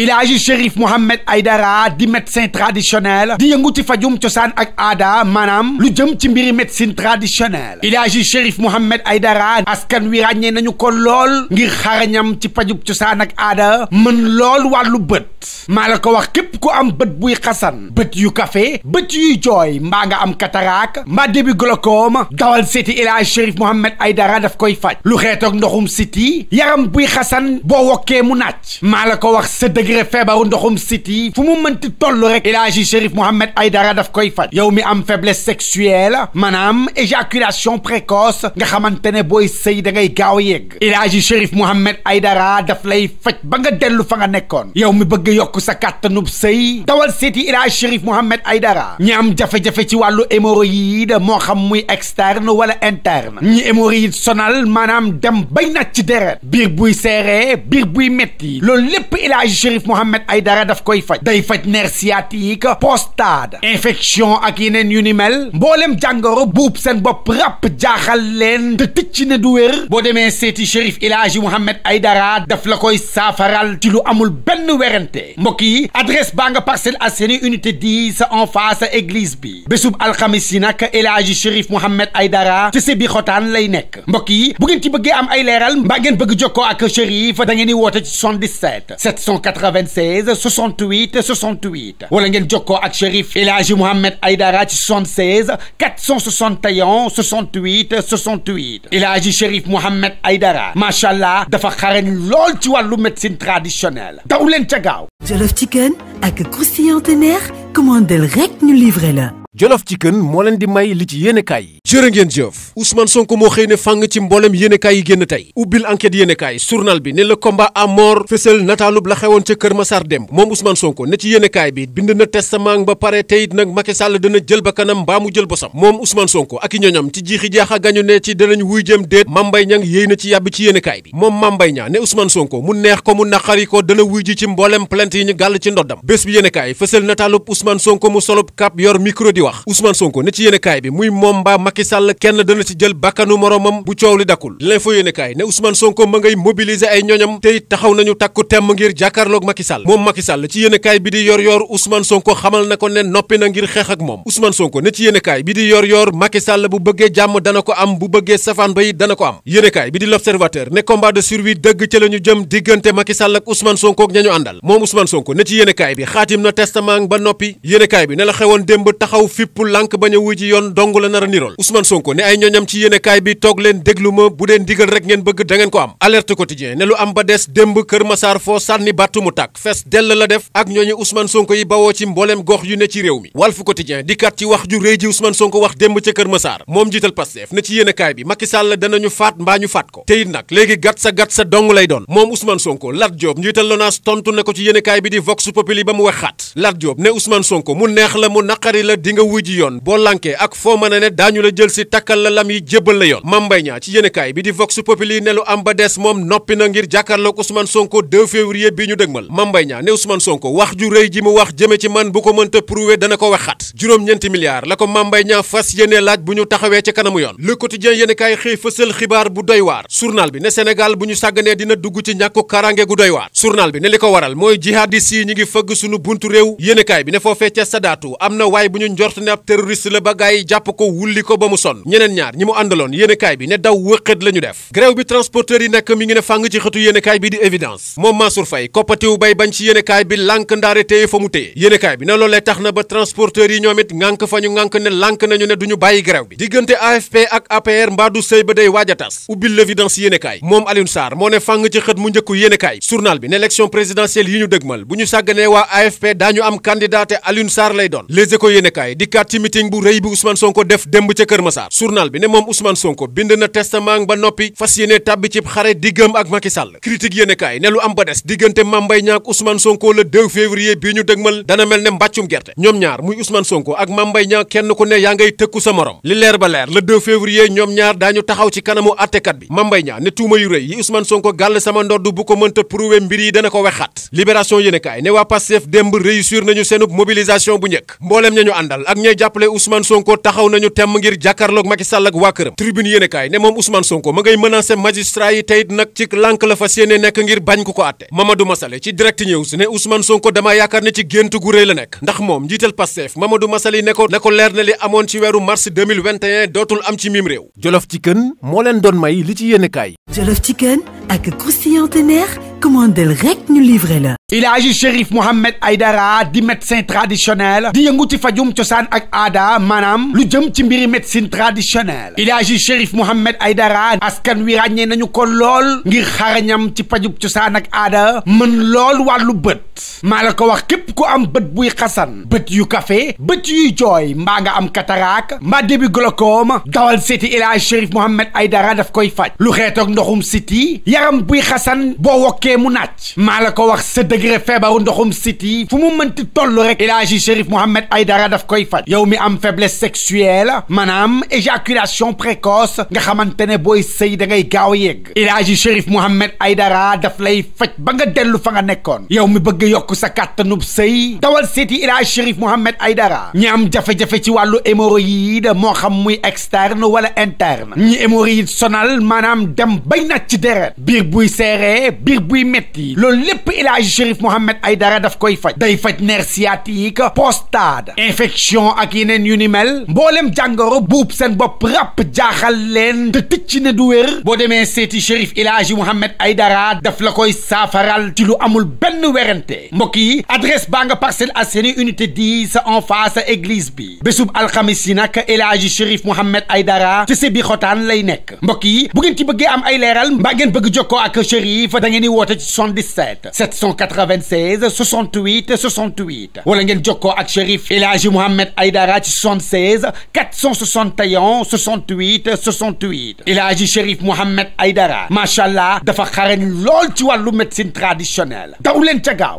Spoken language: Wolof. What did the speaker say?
il Hadji Chérif Mohamed Aydara di médecin traditionnel di yëngu ci fajum cosaan ak aada maanaam lu jëm ci mbiri médecine traditionnelle il Hadji Chérif Mohamed Aydara askan wi ràññee nañu ko lool ngir xarañam ci fajub cosaan ak aada mën lool wàllu bët maa la ko wax képp ku am bët buy xasan bët yu café bët yuy jooy mbaa nga am katarak bi début glaucome dawal seeti il Hadji Chérif Mohamed Aydara daf koy faj lu xeetoog ndoxum siti yaram buy xasan boo wokkee mu naaj maa la ko wax malgré feebaru ndoxum siti fu mu toll rek El Hadji Chérif Mohamed Aïdara daf koy faj yow mi am faiblesse sexuelle maanaam éjaculation précoce nga xamante ne booy sëy da ngay gaaw yegg El Hadji Chérif Mohamed Aïdara daf lay faj ba nga dellu fa nga nekkoon yow mi bëgg yokku sa kàttanub sey dawal seeti El Hadji Chérif Mohamed Aïdara ñi am jafe-jafe ci wàllu hémorroïde moo xam muy externe wala interne ñi hémorroïde sonal maanaam dem bay nat ci deret biir buy seere biir buy metti loolu lépp El Hadji Cherif Mohamed Aydara daf koy faj day faj nerf sciatique prostate infection ak yeneen yu ni mel mboolem jàngoro buub seen bopp ràpp jaaxal leen te ticc ne du wér boo demee seeti Cherif El Hadji ay Aydara daf la koy saafaral ci lu amul benn werante mbokk yi adresse baa nga Parcelles Assainies unité 10 en face église bi bésub alxamis yi nag El Hadji Cherif Mohamed Aydara ci bi xotaan lay nekk mbokk yi bu ngeen am ay leeral mbaa ngeen bëgg ak Cherif da ngeen di woote 96 68 68 wala ngeen jokkoo ak Chérif El Hadji Mouhamed Aïdara ci 76 461 68 68 El Hadji Chérif Mouhamed Aïdara macha allah dafa xarañ lool ci wàllu médecine traditionnelle daw leen ca gaaw. Jolof Chicken ak croustillant teneer commandel rek ñu livré Jolof ci Chicken moo leen di may li ci yéenekaay yi jërë ngeen jëf Ousmane Sonko moo xëy ne fàng ci mboolem yéenekaay yi génn tey ubbil enquête yéenekaay journal bi ne le combat à mort fësal nataalub la xewoon ca Kër Massar démb moom son Sonko ne ci yéenekaay bi bind na testament ba pare te it nag Macky Sall dana jël ba kanam mbaa mu jël bosam moom Ousmane Sonko ak i ñoñam ci jiixi a gañu ne ci danañ wuy jëm déet Mambay Niang yéey na ci yàbbi ci yéenekaay bi moom Mambay Niang ne Ousmane Sonko mu neex ko wax Ousmane Sonko ne ci yéenekaay bi muy moom mbaa Macky Sall kenn dana ci jël bakkanu moroomam bu coow li dakkul l'info yéenekaay ne Ousmane Sonko ngay mobiliser ay ñoñam tey taxaw nañu takku temm ngir jàkkaarloog Macky moom Macky ci yéenekaay bi di yor yor Ousmane xamal na ko ne noppi na ngir xeex ak moom Ousmane ne ci yéenekaay bi di yor yor Macky bu bëggee jàmm dana ko am bu bëggee safaan ba yi dana ko am yéenekaay bi di l'observateur fipp lànk bañ a yoon dong la nar a nirool Ousmane Sonko ne ay ñoñam ci yéenekaay bi toog leen déglu ma bu dee ndigal rek ngeen bëgg da ngeen ko am alerte quotidien ne lu am ba des démb Kër Masaar foo sànni bàttu mu tàkk fees dell la def ak ñooñu Ousmane Sonko yi bawoo ci mbooleem gox yu ne ci réew mi Walf Quotidien dikkaat ci wax ju rëy ji Ousmane Sonko wax démb ca Kër Masaar moom jiital Pastef ne ci yéenekaay bi Macky Sall danañu faat mbaa ñu nga wuji yoon boo lankee ak foo mën a ne daañu la jël si takkal la lam yi jébbal la yoon Mame Mbaye Niang ci yéenekaay bi di Vox Populi ne lu am ba des moom noppi na ngir jàkkaarloog Ousmane Sonko 2 février bi ñu dëgmal Mame Mbaye Niang ne Ousmane Sonko wax ju rëy ji mu wax jëme ci man bu ko mënta prouver dana ko waxaat juróom-ñeenti milliards la ko Mame Mbaye Niang fas yéene laaj bu ñu taxawee ci kanamu yoon Le Quotidien yéenekaay xëy fësal xibaar bu doy waar journal bi ne Sénégal bu ñu sàgganee dina dugg ci ñàkku karange gu doy waar journal bi ne li ko waral mooy jihadis yi ñi ngi fëgg sunu buntu réew yéenekaay bi ne foofee ca Sadaatu am njort ne ab la ba gars yi jàpp ko wulli ko ba mu sonn ñeneen ñaar ñi mu àndaloon yéenekaay bi ne daw wëqët la ñu def grève bi transporteur yi nekk mi ngi ne fàng ci xëtu yéenekaay bi di évidence moom Mansour Faye koppatiw bay bañ ci yéenekaay bi lànk ndaare téye fa mu téye yéenekaay loolee tax na ba transporteur yi ñoom it ngànk fa ñu ngànk ne lànk nañu ne duñu bàyyi grève bi diggante AFP ak APR mbaa du sëy ba day waaj a tas ubbil l'évidence yéenekaay moom Alioune Sarr moo ne fàng ci xët mu njëkk yéenekaay journal bi ne élection présidentielle yi ñu dëgmal bu ñu sàgganee waa AFP daañu am candidat te Alioune lay doon les éco yéenekaay dikkaat ci meeting bu rëy bi Ousmane Sonko def démb ca Kër Massar journal bi ne moom Ousmane Sonko bind na testament ba noppi fas yéene tàbbi ci xare diggam ak Macky Sall critique yéene kaay ne lu am ba des diggante Mame Mbaye Niang ak Ousmane Sonko la 2 février bi ñu dëgmal dana mel ne mbàccum gerte ñoom ñaar muy Ousmane Sonko ak Mame Mbaye Niang kenn ku ne yaa ngay tëkku sa morom li leer ba leer le 2 février ñoom ñaar daañu taxaw ci kanamu attekat bi Mame Mbaye Niang ne tuuma yu rëy yi Ousmane Sonko gàll sama ndodd bu ko mënta prouver mbir yi ko wexaat libération yéene kaay ne waa Pastef démb réussir nañu seenub mobilisation bu njëkk mbooleem ñañu àndal ak ñay jàppale Ousmane Sonko taxaw nañu temm ngir jàkkaarloog Macky Sall ak waa këram tribune yéene kaay ne moom Ousmane Sonko ma ngay menacé magistrat yi teyit nag ci lànk la fas yéene nekk ngir bañ ku ko àtte Mamadou Masale ci direct news ne Ousmane Sonko damaa yaakaar ne ci gént gu réy la nekk ndax moom njiital Pastef Mamadou Masale ne ko ne ko leer na li amoon ci weeru mars dootul am ci mim réew jolof ci kën moo leen doon may li ci yéene commandel rek ñu livré la Ilaaji Chérif Mohamed Aydara di médecin traditionnel di yëngu ci fajum cosaan ak aada maanaam lu jëm ci mbiri médecine traditionnelle Ilaaji Chérif Mohamed Aydara askan wi ràññee nañu ko lool ngir xarañam ci fajub cosaan ak aada mën lool wàllu bët maa la ko wax képp ku am bët buy xasan bët yu café bët yuy jooy mbaa am cataracte mbaa début glaucome dawal seeti Ilaaji Chérif Mohamed Aydara daf koy faj lu xeetoog ndoxum siti yaram buy xasan boo wokkee tàkkee mu naaj maa la ko wax sa degré feebaru ndoxum siti fu mu mënti toll rek Elaaji Chérif Mohamed Aydara daf koy faj yow mi am faiblesse sexuelle maanaam éjaculation précoce nga xamante ne booy sëy da ngay gaaw yegg Elaaji Chérif Mohamed Aydara daf lay faj ba nga dellu fa nga nekkoon yow mi bëgg yokk sa kàttanub sëy dawal seeti Elaaji Chérif Mohamed ay dara am jafe-jafe ci wàllu hémorroïde moo xam muy externe wala interne ñi hémorroïde sonal maanaam dem bay nag ci deret biir buy métti loolu lépp El Hadji Chérif daf koy faj day faj nerf sciatique prostate infection ak yeneen yu ni mel mboolem jàngoro buub seen bopp rap jaaxal leen te tëcc na du wér boo demee seeti Chérif El Hadji Mohamed Aidara daf la koy saafaral ci lu amul benn werante mbokk yi adresse baa nga Parcelles Assainies unité 10 en face église bi bésub alxamis yi nag El Hadji Chérif Mohamed Aidara ci Sébikotane lay nekk mbokk yi bu am ay leeral mbaa ngeen bëgg jokkoo ak Chérif da woote ci 77 796 68 68 wala ngeen jokkoo ak Chérif El Hadji Mouhamed Aïdara ci 76 461 68 68 El Hadji Chérif Mouhamed Aïdara macha allah dafa xarañ lool ci wàllu médecine traditionnelle daw leen ca